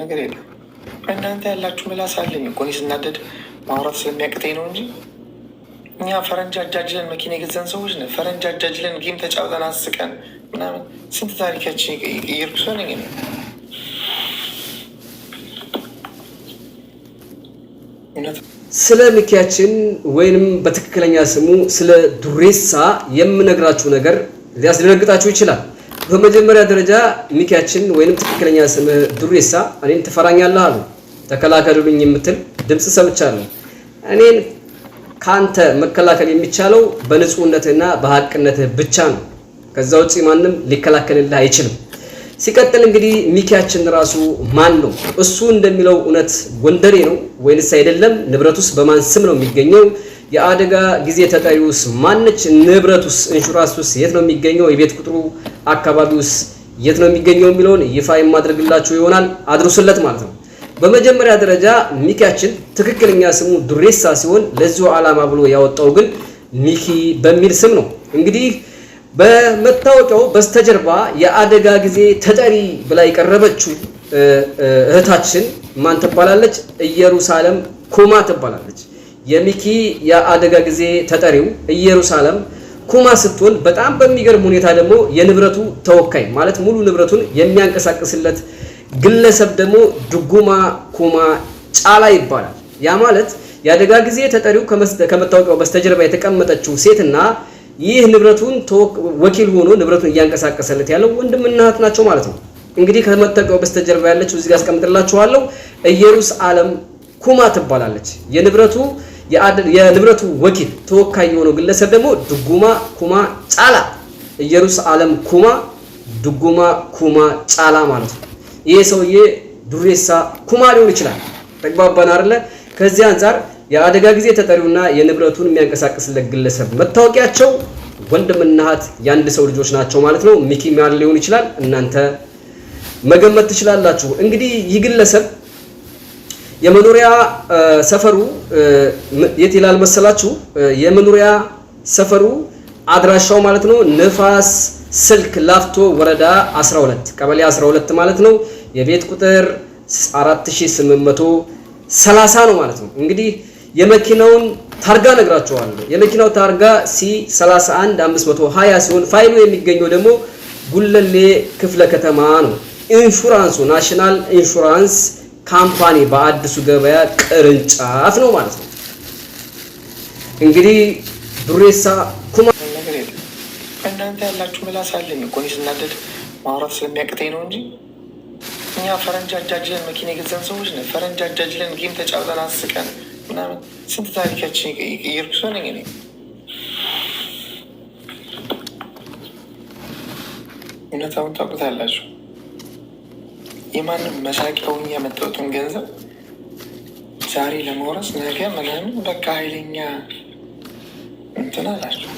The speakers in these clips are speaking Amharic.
ነገር የለም። እናንተ ያላችሁ ምላስ አለኝ እኮ እኔ ስናደድ ማውራት ስለሚያቅተኝ ነው እንጂ እኛ ፈረንጅ አጃጅለን መኪና የገዛን ሰዎች ነን። ፈረንጅ አጃጅለን ጌም ተጫውተን አስቀን ምናምን ስንት ታሪካችን የቀየርኩ ሰው ስለ ሚኪያችን ወይንም በትክክለኛ ስሙ ስለ ዱሬሳ የምነግራችሁ ነገር ሊያስደነግጣችሁ ይችላል። በመጀመሪያ ደረጃ ሚኪያችን ወይንም ትክክለኛ ስም ዱሬሳ እኔን ትፈራኛለህ አሉ። ተከላከሉልኝ የምትል ድምፅ ሰምቻለሁ። እኔን ከአንተ መከላከል የሚቻለው በንጹህነትህና በሀቅነትህ ብቻ ነው። ከዛ ውጪ ማንም ሊከላከልልህ አይችልም። ሲቀጥል እንግዲህ ሚኪያችን ራሱ ማን ነው? እሱ እንደሚለው እውነት ጎንደሬ ነው ወይንስ አይደለም? ንብረቱስ በማን ስም ነው የሚገኘው? የአደጋ ጊዜ ተጠሪውስ ማነች? ንብረቱስ፣ ኢንሹራንሱስ የት ነው የሚገኘው? የቤት ቁጥሩ አካባቢውስ የት ነው የሚገኘው የሚለውን ይፋ የማድረግላችሁ ይሆናል። አድርሱለት ማለት ነው። በመጀመሪያ ደረጃ ሚኪያችን ትክክለኛ ስሙ ዱሬሳ ሲሆን ለዚሁ ዓላማ ብሎ ያወጣው ግን ሚኪ በሚል ስም ነው። እንግዲህ በመታወቂያው በስተጀርባ የአደጋ ጊዜ ተጠሪ ብላ የቀረበችው እህታችን ማን ትባላለች? ኢየሩሳሌም ኩማ ትባላለች። የሚኪ የአደጋ ጊዜ ተጠሪው ኢየሩሳሌም ኩማ ስትሆን በጣም በሚገርም ሁኔታ ደግሞ የንብረቱ ተወካይ ማለት ሙሉ ንብረቱን የሚያንቀሳቅስለት ግለሰብ ደግሞ ድጉማ ኩማ ጫላ ይባላል። ያ ማለት የአደጋ ጊዜ ተጠሪው ከመታወቂያው በስተጀርባ የተቀመጠችው ሴትና ይህ ንብረቱን ወኪል ሆኖ ንብረቱን እያንቀሳቀሰለት ያለው ወንድምና እህት ናቸው ማለት ነው። እንግዲህ ከመታወቂያው በስተጀርባ ያለችው እዚህ ጋር አስቀምጥላችኋለሁ። ኢየሩሳሌም ኩማ ትባላለች የንብረቱ የንብረቱ ወኪል ተወካይ የሆነው ግለሰብ ደግሞ ድጉማ ኩማ ጫላ ኢየሩሳሌም ኩማ ድጉማ ኩማ ጫላ ማለት ነው። ይሄ ሰውዬ ዱሬሳ ኩማ ሊሆን ይችላል። ተግባባን አይደለ? ከዚህ አንጻር የአደጋ ጊዜ ተጠሪውና የንብረቱን የሚያንቀሳቅስለት ግለሰብ መታወቂያቸው ወንድምና እህት የአንድ ሰው ልጆች ናቸው ማለት ነው። ሚኪ ማል ሊሆን ይችላል። እናንተ መገመት ትችላላችሁ። እንግዲህ ይህ ግለሰብ የመኖሪያ ሰፈሩ የት ይላል መሰላችሁ? የመኖሪያ ሰፈሩ አድራሻው ማለት ነው ንፋስ ስልክ ላፍቶ ወረዳ 12 ቀበሌ 12 ማለት ነው። የቤት ቁጥር 4830 ነው ማለት ነው። እንግዲህ የመኪናውን ታርጋ ነግራችኋለሁ። የመኪናው ታርጋ ሲ 31520 ሲሆን ፋይሉ የሚገኘው ደግሞ ጉለሌ ክፍለ ከተማ ነው። ኢንሹራንሱ ናሽናል ኢንሹራንስ ካምፓኒ በአዲሱ ገበያ ቅርንጫፍ ነው ማለት ነው። እንግዲህ ዱሬሳ ኩማ ነገር የለም ከእናንተ ያላችሁ ምላስ አለኝ እኮ እኔ ስናደድ ማውራት ስለሚያቅተኝ ነው እንጂ እኛ ፈረንጅ አጃጅለን መኪና የገዛን ሰዎች ነን። ፈረንጅ አጃጅለን ጌም ተጫውተን አስቀን ምናምን ስንት ታሪካችን የቀየርኩ ሰው ነኝ እኔ። እውነታውን ታውቁታላችሁ። የማንም መሳቂያውን ያመጣሁትን ገንዘብ ዛሬ ለመውረስ ነገ ምናምን በቃ ኃይለኛ እንትን አላቸው።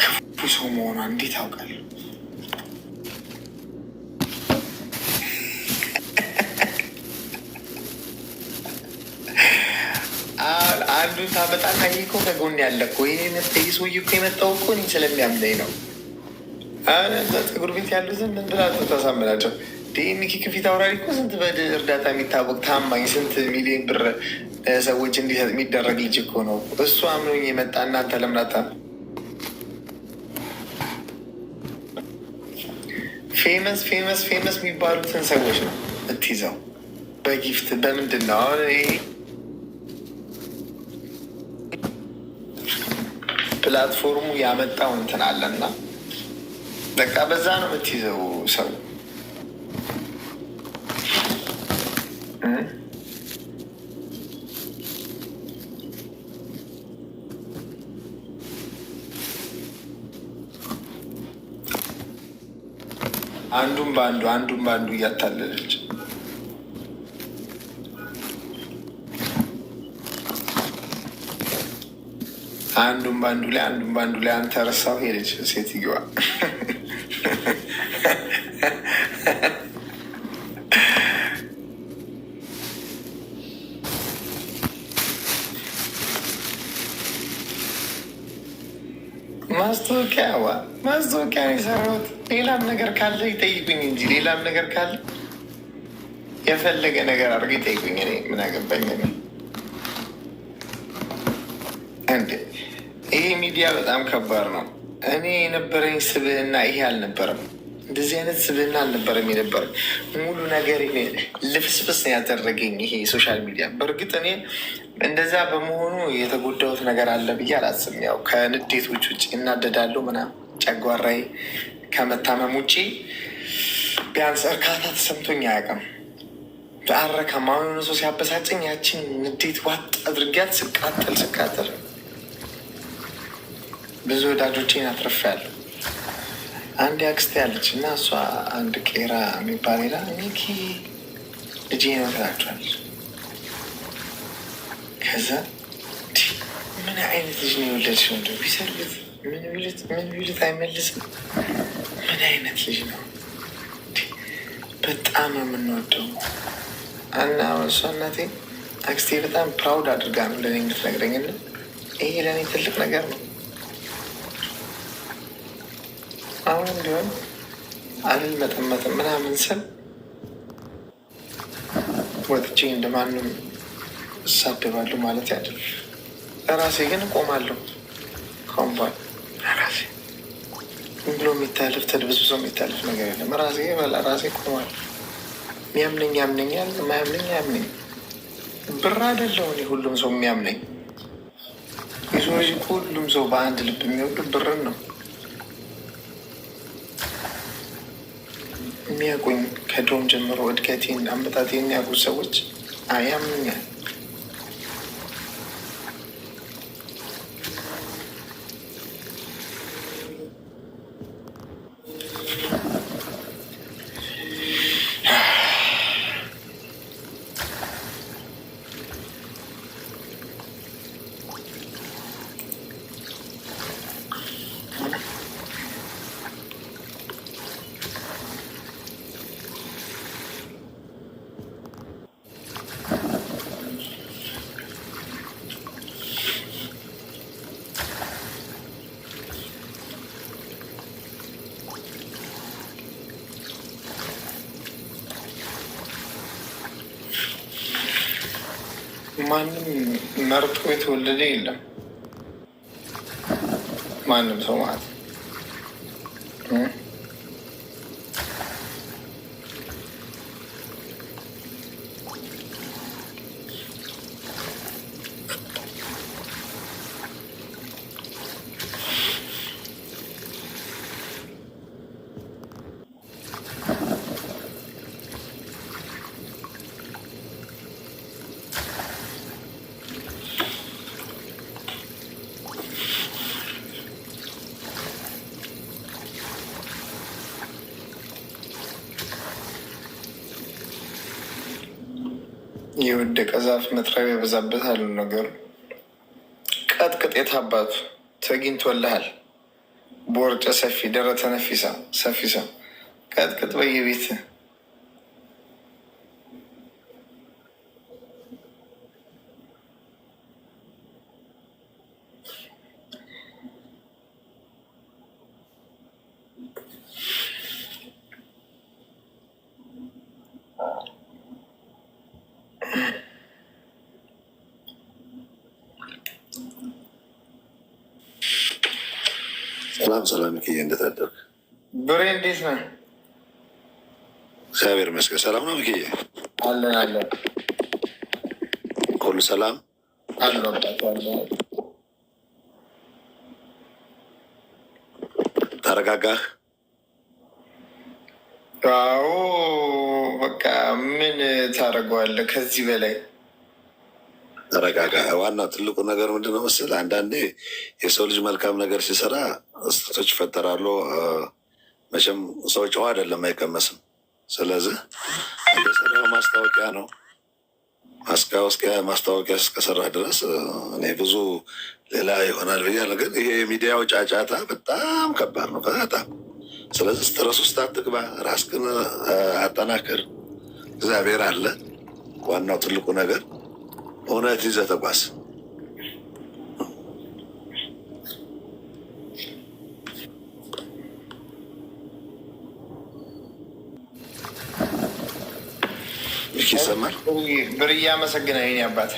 ክፉ ሰው መሆኗ እንዴት ያውቃል? አንዱ ታመጣት ሀይ እኮ ከጎን ያለ እኮ ይሄ ሰውዬ እኮ የመጣው እኮ እኔ ስለሚያምነኝ ነው። ፀጉር ቤት ያሉትን ምን ብላ ታሳምናቸው? ሚኪ ክፊት አውራሪ እኮ ስንት በድ እርዳታ የሚታወቅ ታማኝ ስንት ሚሊዮን ብር ሰዎች እንዲሰጥ የሚደረግ ልጅ እኮ ነው። እሱ አምኖኝ የመጣ እናንተ ለምናታ ፌመስ ፌመስ ፌመስ የሚባሉትን ሰዎች ነው እትይዘው በጊፍት በምንድን ነው አሁን ፕላትፎርሙ ያመጣው እንትን አለና በቃ በዛ ነው የምትይዘው ሰው አንዱም በአንዱ አንዱም በአንዱ እያታለለች አንዱም በአንዱ ላይ አንዱም በአንዱ ላይ አንተ ረሳው ሄደች ሴትዮዋ። ማስታወቂያዋ ማስታወቂያ የሰራሁት ሌላም ነገር ካለ ይጠይቁኝ እንጂ ሌላም ነገር ካለ የፈለገ ነገር አድርገ ይጠይቁኝ። እኔ ምን አገባኝ? ይሄ ሚዲያ በጣም ከባድ ነው። እኔ የነበረኝ ስብዕና ይሄ አልነበረም። እንደዚህ አይነት ስብዕና አልነበረም የነበረኝ። ሙሉ ነገር ልፍስፍስ ያደረገኝ ይሄ ሶሻል ሚዲያ። በእርግጥ እኔ እንደዛ በመሆኑ የተጎዳሁት ነገር አለ ብዬ አላስብም። ያው ከንዴቶች ውጭ እናደዳለሁ ምናምን ጨጓራይ ከመታመም ውጭ ቢያንስ እርካታ ተሰምቶኝ አያውቅም። በአረካ ማሆኑ ሰው ሲያበሳጭኝ ያችን ንዴት ዋጥ አድርጊያት ስቃጠል ስቃጠል ብዙ ወዳጆቼን አትርፌያለሁ። አንድ አክስቴ አለች እና እሷ አንድ ቄራ የሚባል ላ ሚኪ ልጄ ነው ትላቸዋለች። ከዛ ምን አይነት ልጅ ነው የወለድሽ? እንደ ቢሰርግዝ ምን ቢሉት አይመልስም። ምን አይነት ልጅ ነው? በጣም የምንወደው እና እሷ እናቴ አክስቴ በጣም ፕራውድ አድርጋ ነው ለእኔ የምትነግረኝ። ይሄ ለእኔ ትልቅ ነገር ነው። አሁንም ቢሆን አልመጠመጥም ምናምን ስል ወጥቼ እንደማንም እሳደባለሁ ማለት ያደል። ለራሴ ግን እቆማለሁ። ካሁን ብሎ የሚታልፍ የሚታልፍ ነገር የለም። ራሴ ራሴ እቆማለሁ። የሚያምነኝ ያምነኛል፣ የማያምነኝ ያምነኝ። ብር አይደለም እኔ ሁሉም ሰው የሚያምነኝ። የሰው ልጅ ሁሉም ሰው በአንድ ልብ የሚወዱ ብርን ነው። የሚያውቁኝ ከድሮም ጀምሮ እድገቴን አመጣጤን የሚያውቁ ሰዎች አያምኛል ማንም መርጦ የተወለደ የለም። ማንም ሰው ማለት ነው የወደቀ ዛፍ መጥረቢያ የበዛበታል ነገሩ ቀጥቅጥ የታባቱ ተግኝቶልሃል። ቦርጨ ሰፊ ደረተ ነፊሳ ሰፊሳ ቀጥቅጥ በየቤት ሰላም ሰላም፣ ክዬ እንደታደርክ ብሬ፣ እንዴት ነህ? እግዚአብሔር ይመስገን። ሰላም ነው ክዬ? አለን አለን፣ ሁሉ ሰላም አለ። ተረጋጋህ? አዎ፣ በቃ ምን ታደርገዋለህ ከዚህ በላይ ተረጋጋ። ዋናው ትልቁ ነገር ምንድነው ነው መሰለህ፣ አንዳንዴ የሰው ልጅ መልካም ነገር ሲሰራ ስቶች ይፈጠራሉ። መቼም ሰው ጨዋ አይደለም፣ አይቀመስም። ስለዚህ እንደሰራው ማስታወቂያ ነው። ማስታወቂያ ማስታወቂያ እስከሰራ ድረስ እኔ ብዙ ሌላ ይሆናል ብያለሁ። ግን ይሄ የሚዲያው ጫጫታ በጣም ከባድ ነው፣ በጣም ስለዚህ ስትረስ ውስጥ አትግባ፣ ራስህን አጠናክር። እግዚአብሔር አለ። ዋናው ትልቁ ነገር እውነት ይዘህ ተጓዝ። ይሰማል። ብር እያመሰግነ ይኔ አባት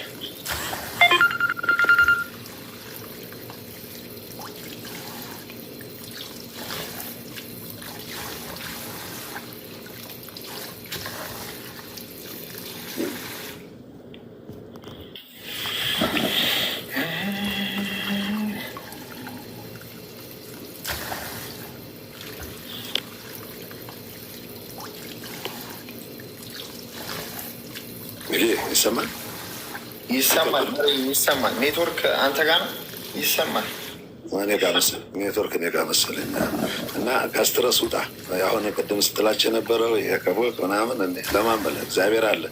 ይሰማል ይሰማል ይሰማል። ኔትወርክ አንተ ጋር ነው ይሰማል። እኔ ጋር መሰለኝ ኔትወርክ እኔ ጋር መሰለኝ። እና ከስትረስ ውጣ። አሁን ቅድም ስትላቸው የነበረው የከቦ ምናምን ለማመለ እግዚአብሔር አለ።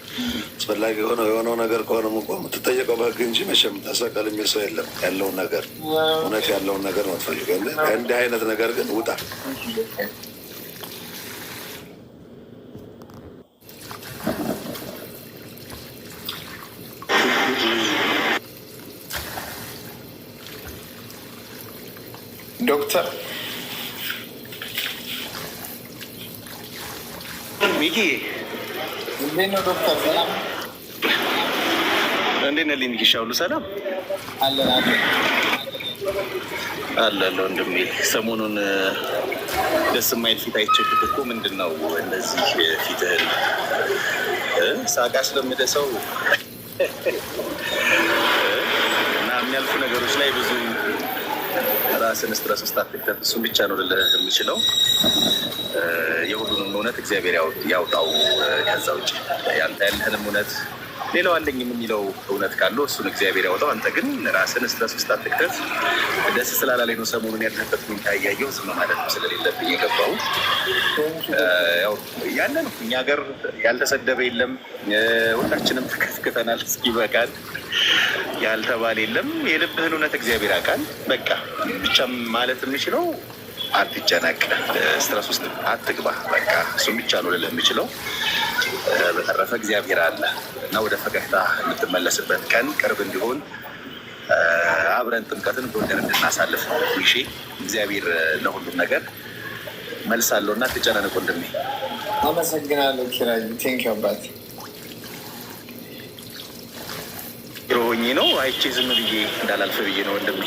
አስፈላጊ የሆነው የሆነው ነገር ከሆነም እኮ የምትጠየቀው በህግ እንጂ መቼም ተሰቀል የሚል ሰው የለም። ያለውን ነገር እውነት ያለውን ነገር ነው ትፈልገ። እንዲህ አይነት ነገር ግን ውጣ ዶክተር ሚኪ እንዴት ነው? ዶክተር ሰላም እንዴት ነህ? ሊንክ ይሻሉ ሰላም አለ አለ ወንድሜ፣ ሰሞኑን ደስ የማይል ፊት አይቼብህ እኮ ምንድን ነው እንደዚህ ፊትህን ሳቃ ስለምደሰው እና የሚያልፉ ነገሮች ላይ ብዙ የራስን ስትረስ ውስጥ አትክተት። እሱም ብቻ ነው ልልህ የምችለው። የሁሉንም እውነት እግዚአብሔር ያውጣው ከዛ ውጭ ያንተ ያለህንም እውነት ሌላው አለኝ የሚለው እውነት ካለው እሱን እግዚአብሔር ያወጣው። አንተ ግን ራስን ስትረስ ውስጥ አትክተት። ደስ ስላላለኝ ነው ሰሞኑን ያለበት ሁኔታ እያየሁ ዝም ማለት ነው ስለሌለብኝ የገባሁት ያለ ነው። እኛ ሀገር ያልተሰደበ የለም። ሁላችንም ተከስክተናል እስኪበቃል። ያልተባለ የለም። የልብህን እውነት እግዚአብሔር አውቃል። በቃ ብቻ ማለት የሚችለው አትጨነቅ፣ ስትረስ ውስጥ አትግባ። በቃ እሱም ብቻ ነው ልልህ የምችለው። በተረፈ እግዚአብሔር አለ እና ወደ ፈገግታ የምትመለስበት ቀን ቅርብ እንዲሆን አብረን ጥምቀትን በወደር እንድናሳልፍ ነው። ሺ እግዚአብሔር ለሁሉም ነገር መልስ አለው እና ትጨነንቁ እንድሜ አመሰግናለሁ። ኪራይ ቴንክ ባት ሮሆኜ ነው አይቼ ዝም ብዬ እንዳላልፈ ብዬ ነው ወንድሜ።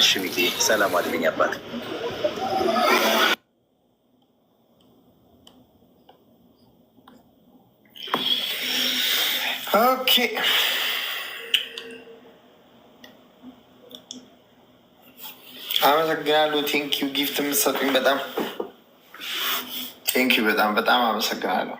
እሺ ሚጌ ሰላም አድልኝ አባት አመሰግናለሁ። ቴንኪዩ ጊፍት የምትሰጡኝ በጣም ቴንኪዩ። በጣም በጣም አመሰግናለሁ።